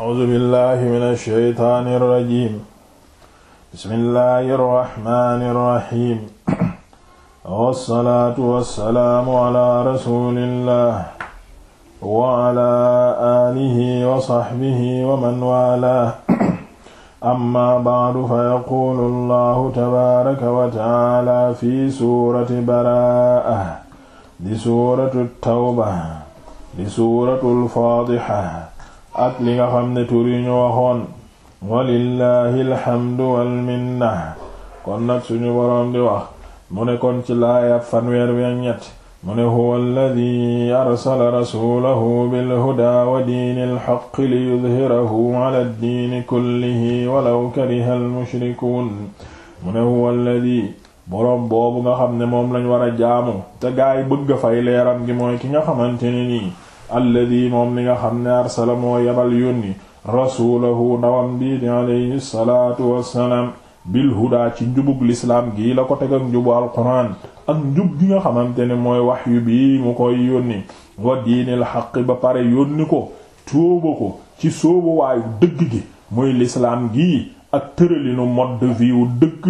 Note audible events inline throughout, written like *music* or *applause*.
a'uuzu billahi mina shaytaani rajiim bismillahi rahmaani rahiim wassalaatu wassalaamu ala rasulillah wa ala alihi wa sahbihi wa man waalaa amma ba'du fa yaquulu allahu tabaaraka wa ta'aala fi suurati baraa'a di suuratu tawba di suuratu al-faadiha ak li nga xam ne tur yi ñu waxoon walillahi alhamdu wal minna kon nag suñu boroom di wax mu ne kon ci laaya fanweer wi ak ñett mu ne huwa alladi arsala rasulahu bilhuda wa diini alxaqi liyudhirahu ala ddiini kullihi walaw kariha almushrikuun mu ne huwa alladi boroom boobu nga xam ne moom lañ war a jaamu te gaay bëgg fay leeram gi mooy ki nga xamante ne nii alladi moom mi nga xam ne arsala moo yabal yónni rasuulahu ndawam bi di alayhi salaatu wassalaam bil hudaa ci njubug lislaam gii la ko teg ak njubu alquran ak njub gi nga xamante ne mooy waxyu bii mu koy yónni wa la xaqi ba pare yónni ko tóoba ko ci sóobu waayu dëgg gi muy lislaam gii ak tëralinu mode de vie wu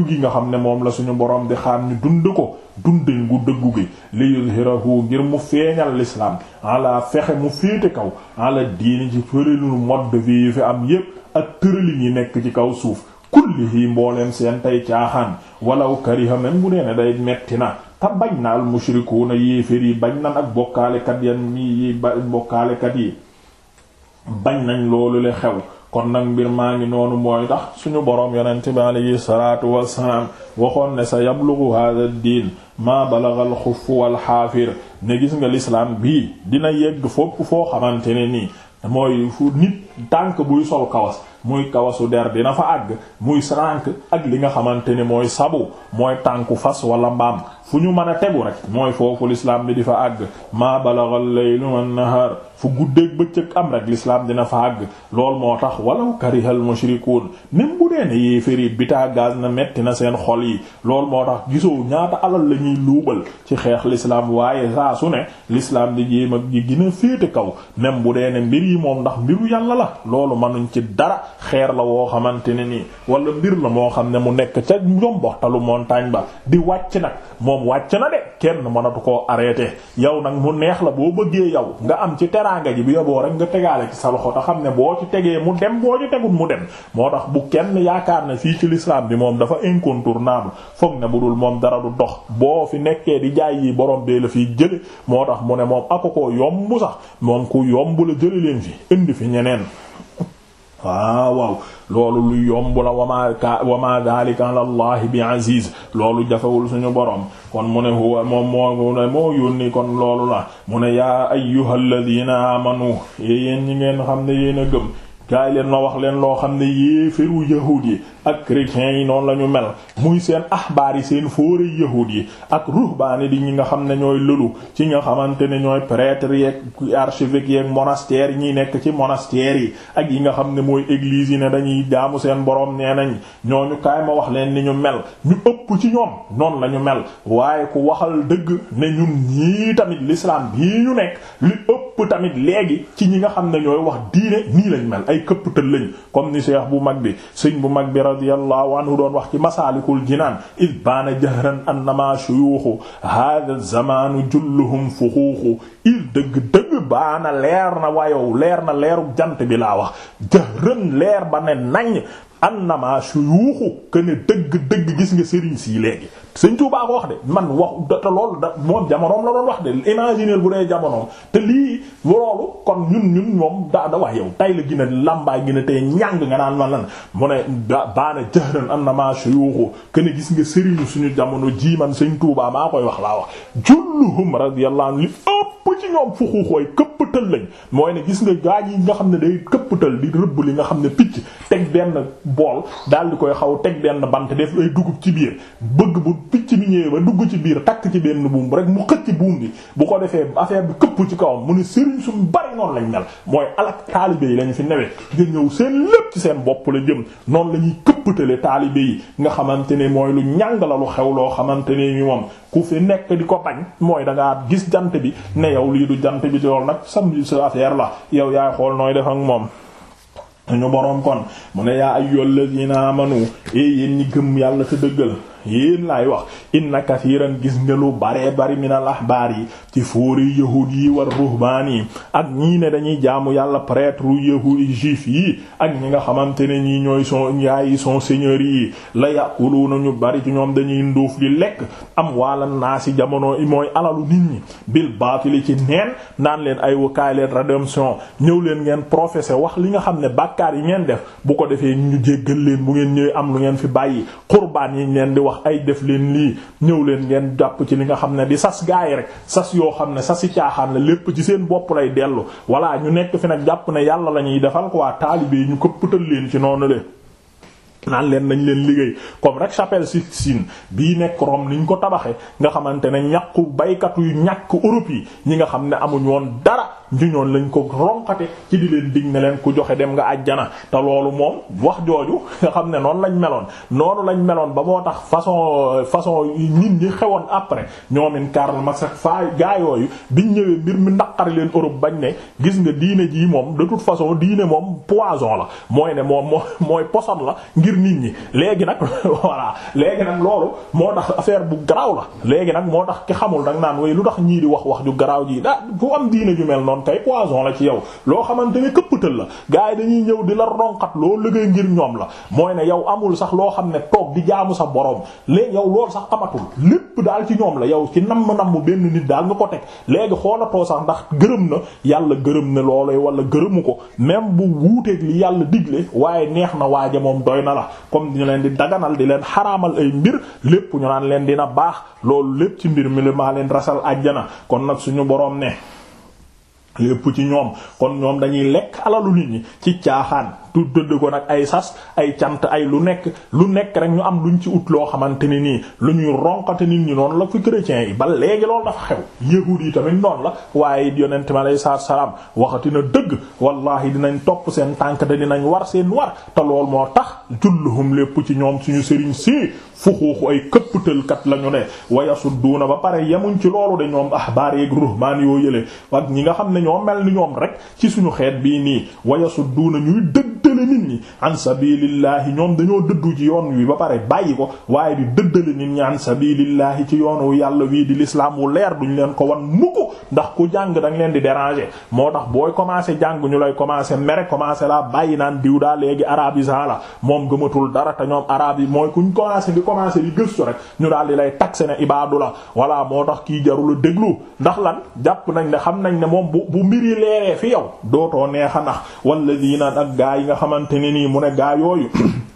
gi nga xam ne moom la suñu boroom di xaam ñu dund ko dundin gu dëggu gi li yuzhirahu ngir mu feeñal l'islam ala fexe mu féete kaw ala diini ci tëralinu mode de fi am yépp ak tëralin yi nekk ci kaw suuf kullihi mbooleem seen tey caaxaan walaw kariha même bu nee ne day metti na te bañ na al mushrikuuna yéefér yi bañ nan ak bokkaalekat yan yi bokkaalekat yi bañ nañ loolu la xew kon nag mbir maa ngi noonu mooy tax suñu boroom yonent bi alayhi salaatu wassalaam waxoon ne sa yablughu hadha diin maa balagal xuff wal xaafir ne gis nga lislaam bii dina yegg fopp foo xamante ne nii mooy fu nit tànk buy sol kawas muy kawasu der dina fa àgg muy sànk ak li nga xamante ne mooy sabu mooy tànku fas wala mbaam fu ñu mën a tegu rek mooy foofu l'islam bi di fa àgg maa balagha al-laylu wan-nahar fu guddeeg bëccëg am rek lislaam dina fa àgg lool moo tax walaw karihal mushrikuun même bu dee ne yéeféri bitaa gaz na metti na seen xol yi lool moo tax gisoo ñaata alal la ñuy luubal ci xeex lislaam waaye saa su ne lislaam di jéem ak ji gën féete kaw même bu dee ne mbir yi moom ndax mbiru yàlla la loolu mënuñ ci dara xeer la woo xamante ne nii wala mbir la moo xam ne mu nekk ca njomboxtalu montagne ba wàcc na de kenn mënatu koo arrêté yow nag mu neex la boo bëggee yow nga am ci teraanga ji bi yoboo rek nga tegaale ci sa loxo te xam ne boo ci tegee mu dem boo ci tegut mu dem moo tax bu kenn yaakaar na fii ci l'islam bi moom dafa incontournable foog ne bu dul moom dara du dox boo fi nekkee di jaay yi borom bee la fiy jële moo tax mu ne moom ako ko yomb sax moom ku yomb la jële leen fi indi fi ñeneen waaw ah, waaw loolu lu yomb la wama wama daalika ala llahi bi aziz loolu jafewul suñu borom kon mu ne huwa moom moo ne moo yónni kon loolu la mu ne yaa ayyuhal ladina amanu yéen ñi ngeen xam ne yéen a gëm kaay leen ma wax leen loo xam ne yéefaru yahuud yi ak chrétiens yi noonu la ñu mel muy seen ahbaar yi seen fóore yahuud yi ak ruhbaani di ñi nga xam ne ñooy lëlu ci nga xamante ne ñooy prêtre yeeg archevêque yeeg monastères yi ñuy nekk ci monastères yi ak yi nga xam ne mooy église yi ne dañuy jaamu seen borom nee nañ ñooñu kaay ma wax leen ni ñu mel ñu ëpp ci ñoom noonu lañu mel waaye ku waxal dëgg ne ñun ñii tamit lislaam bii ñu nekk li ëpp tamit léegi ci ñi nga xam ne ñooy wax diine nii lañ mel ay këpptal lañ comme ni cheikh bu mag bi sëñ bu mag bi radiyallahu anhu doon wax ci masaalikul jinaan id baana jahran annama shuyuuxu hada zamanu julluhum fuxuuxu il dëgg-dëgg baana leer na wayow leer na leeru jant bi laa wax jahran leer ba ne nañ annama shuyuuxu kene dëgg-dëgg gis nga sëriñ sii léegi sëñ Tuubaa ko wax de man wax te loolu da moom jamonoom la doon wax de imaginer bu dee jamonoom te lii loolu kon ñun ñun moom daa da wax yow tay la gina làmbaay gina tey ñàng nga naan ma lan mu ne baana jëxëran am na maa suyuuxu kën gis nga sëriñu suñu jamono jii man sëñ Tuubaa maa koy wax laa wax julluhum radiyallahu anhu li ëpp ci ñoom fu xuuxooy këpptal lañ mooy ne gis nga gaañ yi nga xam ne day këpptal di rëbb li nga xam ne picc teg benn bool daal di koy xaw teg benn bant def ay dugub ci biir picc mi ñëwee ba dugg ci biir takk ci benn buum rek mu xëcc buum bi bu ko defee affaire bi këpp ci kawam mu ne sëriñ suñu bari noonu lañ mel mooy alak taalibe yi lañ fi newee nga ñëw seen lépp ci seen bopp la jëm noonu la këpp këppatale taalibe yi nga xamante ne mooy lu ñàng la lu xew loo xamante ne mi moom ku fi nekk di ko bañ mooy da ngaa gis jant bi ne yow lii du jant bi lool nag sam sa la yow yaay xool nooy def ak moom ñu boroom ko mu ne yaa ayyul ladina amanu e yéen ñi gëm yàlla te dëggal yéen laay wax inna kathiran gis nga lu baree bari min al ahbaar yi ci fóori yahuud yi war ruhbaan yi ak ñii ne dañuy jaamu yàlla prêtre yahuud yi juif yi ak ñi nga xamante ne ñii ñooy son yaay yi son seigneur yi la yàquluuna ñu bari ci ñoom dañuy nduuf di lekk am waala naa si jamono i mooy alalu nit ñi bil baatili ci neen naan leen ay wakaay leen rédemption ñëw leen ngeen professé wax li nga xam ne bàkkaar yi ngeen def bu ko defee ñu jéggal leen bu ngeen ñëwee am lu ngeen fi bàyyi qurbaan yi ñu leen di wax ay def leen lii ñëw leen ngeen jàpp ci li nga xam ne di sas gaa yi rek sas yoo xam ne sasi caaxaan la lépp ci seen bopp lay dellu voilà ñu nekk fi nag jàpp ne yàlla la ñuy defal quoi taalibe yi ñu këppatal leen ci noonu le naan leen nañ leen liggéey comme rek chapelle Sixtine bii nekk Rome ni ñu ko tabaxee nga xamante ne ñàkku baykat yu ñàkk Europe yi ñi nga xam ne amuñ dara ñuñoon lañ ko ronkate ci di leen dig ne leen ku joxe dem nga àjjana te loolu moom wax jooju nga xam ne noonu lañ meloon noonu lañ meloon ba moo tax façon euh, façon nit ñi xewoon après ñoomin Karl Marx ak fa gaayooyu biñ ñëwee mbir mi naqari leen Europe bañ ne gis nga diine jii moom de toute façon diine moom poison la mooy ne moom mooy poison la ngir nit ñi léegi nag *laughs* voilà léegi nag loolu moo tax affaire bu garaaw la léegi nag moo tax ki xamul dang naan way lu tax ñii wax wax ju garaaw ji daa ah, bu am mel noonu kon kay poison la ci yow loo xamante ne këppatal la gars yi dañuy ñëw di la ronkat loo liggéey ngir ñoom la mooy ne yow amul sax loo xam ne toog di jaamu sa borom léegi yow loolu sax amatul lépp daal ci ñoom la yow ci namm-namm benn nit daal nga ko teg léegi xoolatoo sax ndax gërëm na yàlla gërëm na loolay wala gërëmu ko même bu wuuteeg li yàlla digle waaye neex na waaja moom doy na la comme ñu leen di daganal di leen xaraamal ay mbir lépp ñu leen dina baax loolu lépp ci mbir mi la maa leen rasal àjjana kon nag suñu boroom ne lépp ci ñoom kon ñoom dañuy lekk alalu nit ñi ci caaxaan tu tëdd ko nag ay sas ay cant ay lu nekk lu nekk rek ñu am luñ ci ut loo xamante ne nii lu ñuy ronkate nit ñi noonu la fi chrétiens yi ba léegi loolu dafa xew yahud yi tamit noonu la waaye yonent mi alayhi salaatu salaam waxati na dëgg wallahi dinañ topp seen tànk da dinañ war seen war te lool moo tax julluhum lépp ci ñoom suñu sëriñ si fuxuuxu ay këpptalkat la ñu ne wayasudduuna ba pare yemuñ ci loolu de ñoom ahbaar yeek ruhbaan yoo yële ak ñi nga xam ne ñoom rek ci suñu dëddale nit ñi an sabilillahi ñoom dañoo dëddu ci yoon wi ba pare bàyyi ko waaye di dëddale nit ñi an sabilillahi ci yoon wu yàlla wii di l'islam wu leer duñ leen ko wan mukk ndax ku jàng dañ leen di déranger moo tax booy commencer jàng ñu lay commencer mere commencer laa bàyyi naan diw daa léegi arabisant la moom gëmatul dara te ñoom arab yi mooy ku kuñ commencer di commencer di gëstu rek ñu daal di lay taxé ne ibaadu la voilà moo tax kii jarul déglu ndax lan jàpp nañ ne xam nañ ne moom bu bu nga xamante ne nii mu ne gaa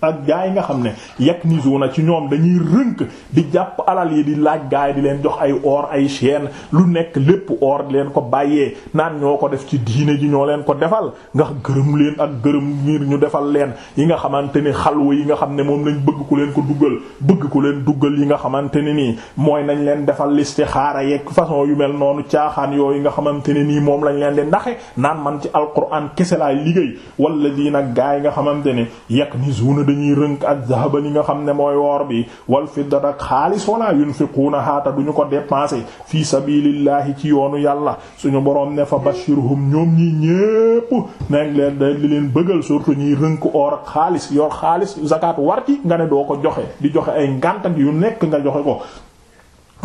ak gaa yi nga xam ne yaknizuna ci ñoom dañuy rënk di jàpp alal yi di laaj gaa yi di leen jox ay or ay chaîne lu nekk lépp or di leen ko bàyyee naan ñoo ko def ci diine ji ñoo leen ko defal nga gërëm leen ak gërëm ngir ñu defal leen yi nga xamante ni xalwa yi nga xam ne moom lañ bëgg ku leen ko duggal bëgg ku leen duggal yi nga xamante ne nii mooy nañ leen defal xaara yeeg façon yu mel noonu caaxaan yooyu nga xamante ne nii moom lañ leen di naxe naan man ci alquran kese laay liggéey wala lii nag gaa yi nga xamante ne yaknizuna dañuy rënk ak zahaba li nga xam ne mooy woor bi wal fiddat ak xaalis wala yunfiquuna haata duñu ko dépensé fii sabilillahi ci yoonu yàlla suñu boroom ne fa bashirhum ñoom ñi ñépp nag leen di leen bëggal surtout ñuy rënk or ak xaalis yor xaalis zakat war ci nga ne doo ko joxe di joxe ay ngànt ak yu nekk nga joxe ko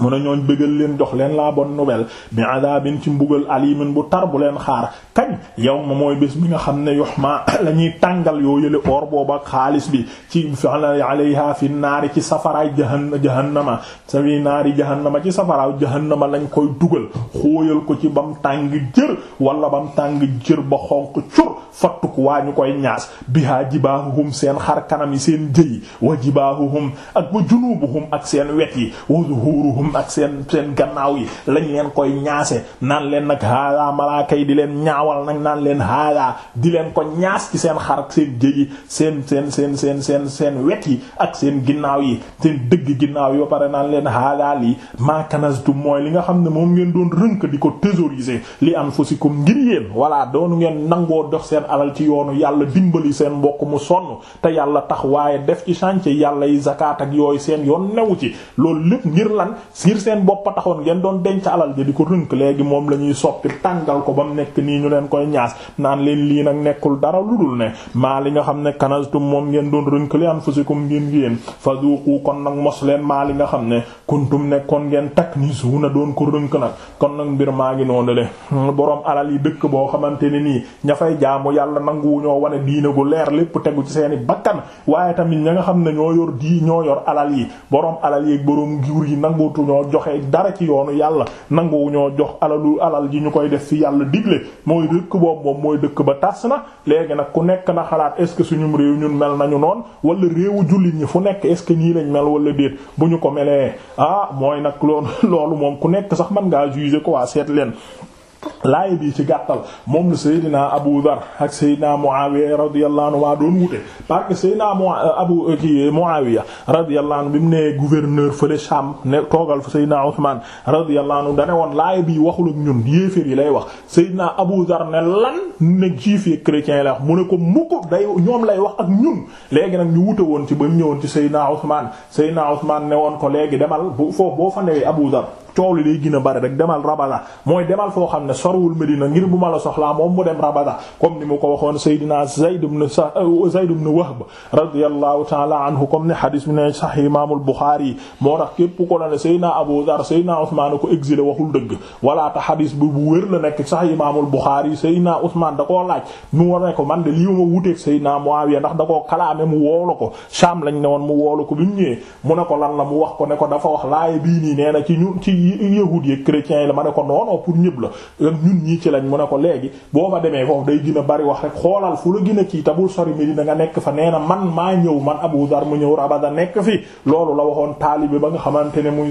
mu ne ñooñ bëggal leen jox leen la bonne nouvelle bi adabin ci mbugal alimin bu tar bu leen xaar kañ yow ma mooy bés bi nga xam ne yuhma *coughs* la ñuy tàngal yoo yële or booba ak xaalis bi ci alayha fi naari ci safaraay jahan jahannama sa fi naari jahannama ci safaraaw jahannama lañ koy dugal xóoyal ko ci bam tàng jër wala bam tàng jër ba xonq cur fattuk waa ñu koy ñaas bihaa jibaahuhum seen xar kanam yi seen jëyi wa jibaahuhum ak ba junuubuhum ak seen wet yi wa zuhuruhum ak seen seen gannaaw yi lañ leen koy ñaase naan leen nag haala malaaka yi di leen ñaawal nag naan leen haala di leen ko ñaas ci seen xar ak seen géej yi seen seen seen seen seen wet yi ak seen ginnaaw yi seen dëgg ginnaaw yi pare naan leen haala lii ma kanaztum mooy li nga xam ne moom ngeen doon rënk di ko thésauriser li anfusikum ngir yéen voilà doonu ngeen nangoo dox seen alal ci yoonu yàlla dimbali seen mbokk mu sonn te yàlla tax waaye def ci chantier yàlla yi zakat ak yooyu seen yoon newu ci loolu lépp ngir lan ngir seen bopp a taxoon ngeen doon denc alal ji di ko rënk léegi moom la ñuy soppi tàngal ko ba mu nekk nii ñu leen koy ñaas naan leen lii nag nekkul dara lu dul ne maa li nga xam ne kanastum moom ngeen doon rënk li anfusikum ngeen ngeen fazuqu kon nag mos leen maa li nga xam ne kuntum nekkoon ngeen taknizuna doon ko rënk nag kon nag mbir maa ngi noonu le boroom alal yi dëkk boo xamante ne nii ña fay jaamu yàlla nangu ñoo wane diine bu leer lépp tegu ci seeni bakkan waaye tamit ña nga xam ne ñoo yor di ñoo yor alal yi boroom alal yi boroom nangutu ñoo joxee dara ci yoonu yàlla nanguwu ñoo jox alalu alal ji ñu koy def fi yàlla digle mooy dëkk boobu moom mooy dëkk ba tas na léegi nag ku nekk na xalaat est-ce que suñu réew ñun mel nañu noon wala réewu jullit ñi fu nekk est-ce que nii lañ mel wala déet bu ñu ko melee ah mooy nag loolu *laughs* loolu moom ku nekk sax mën ngaa juger ko waa seet leen laay bi ci gàttal moom la Seydina Abu Dhar ak Seydina Muawiya radiyallahu anhu waa doon wute parce que Seydina mu euh, Abu euh, kii Muawiya radiyallahu anhu bi mu nee gouverneur fële Sham ne toogal fa Seydina Ousmane radiyallahu anhu woon laay bi waxul ak ñun yéeféer yi lay wax Seydina Abu Dhar ne lan ne juif yi chrétien yi lay wax mu ne ko mukk day ñoom lay wax ak ñun léegi nag ñu wute woon ci ba mu ñëwoon ci Seydina Ousmane Seydina Ousmane ne woon ko léegi demal bu foofu boo fa newee Abu Dhar coow li day gën a bari rek demal rabada mooy demal foo xam ne sorwul Medina ngir bu ma la soxlaa moom mu dem rabada comme ni mu ko waxoon Seydina Zayd ibn euh, Zayd ibn Wahb radiyallahu ta'ala anhu comme ni hadis bi ne sahih Imam al-Bukhari moo tax la ne Seydina Abu Dhar waxul dëgg wala ta hadis bi bu wér la nekk sahih Imam al Seydina Usman da koo laaj mu war ne ko man de lii ma wuteeg Seydina Muawiya ndax da koo kalaame mu woolu ko Sham lañ ne woon mu woolu ko bi mu ñëwee mu ne ko lan la mu wax ko ne ko dafa wax laaye bii nii nee na ci ñu ci yahud yi chrétiens yi la ma ne ko noonoo pour ñëpp la ñun ñii ci lañ mu ne ko léegi boo fa demee foofu day gën a bari wax rek xoolal fu la gën a kii tabul sori Medina nga nekk fa nee na man maa ñëw man Abu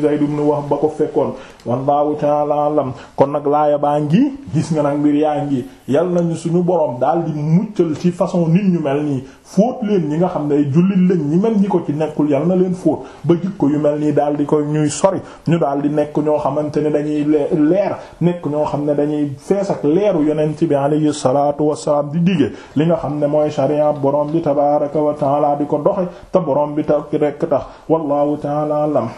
Dar la ko fekkoon wallahu ta'ala alam kon nag laaya baa ngi gis nga nag mbir suñu borom daal di muccal ci façon nit ñu mel nii fóot leen ñi nga xam ne jullit lañ ñi mel ñi ko ci nekkul yal na leen fóot ba jikko yu mel nii daal di ko ñuy sori ñu daal di nekk ñoo xamante ne dañuy leer nekk ñoo xam ne dañuy fees ak leeru yonent bi alayhi salaatu wassalaam di dige li nga xam ne mooy sharia borom bi tabaaraka wa taala di ko doxe te borom bi ta rekk tax wallahu taala alam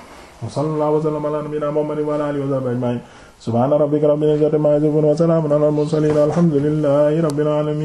wa sallallahu wa sallama ala nabiyyina muhammadin wa ala alihi wa sahbihi ajma'in subhana rabbika rabbil izzati amma yasifun wa salamun ala al mursalin alhamdulillahi rabbil alamin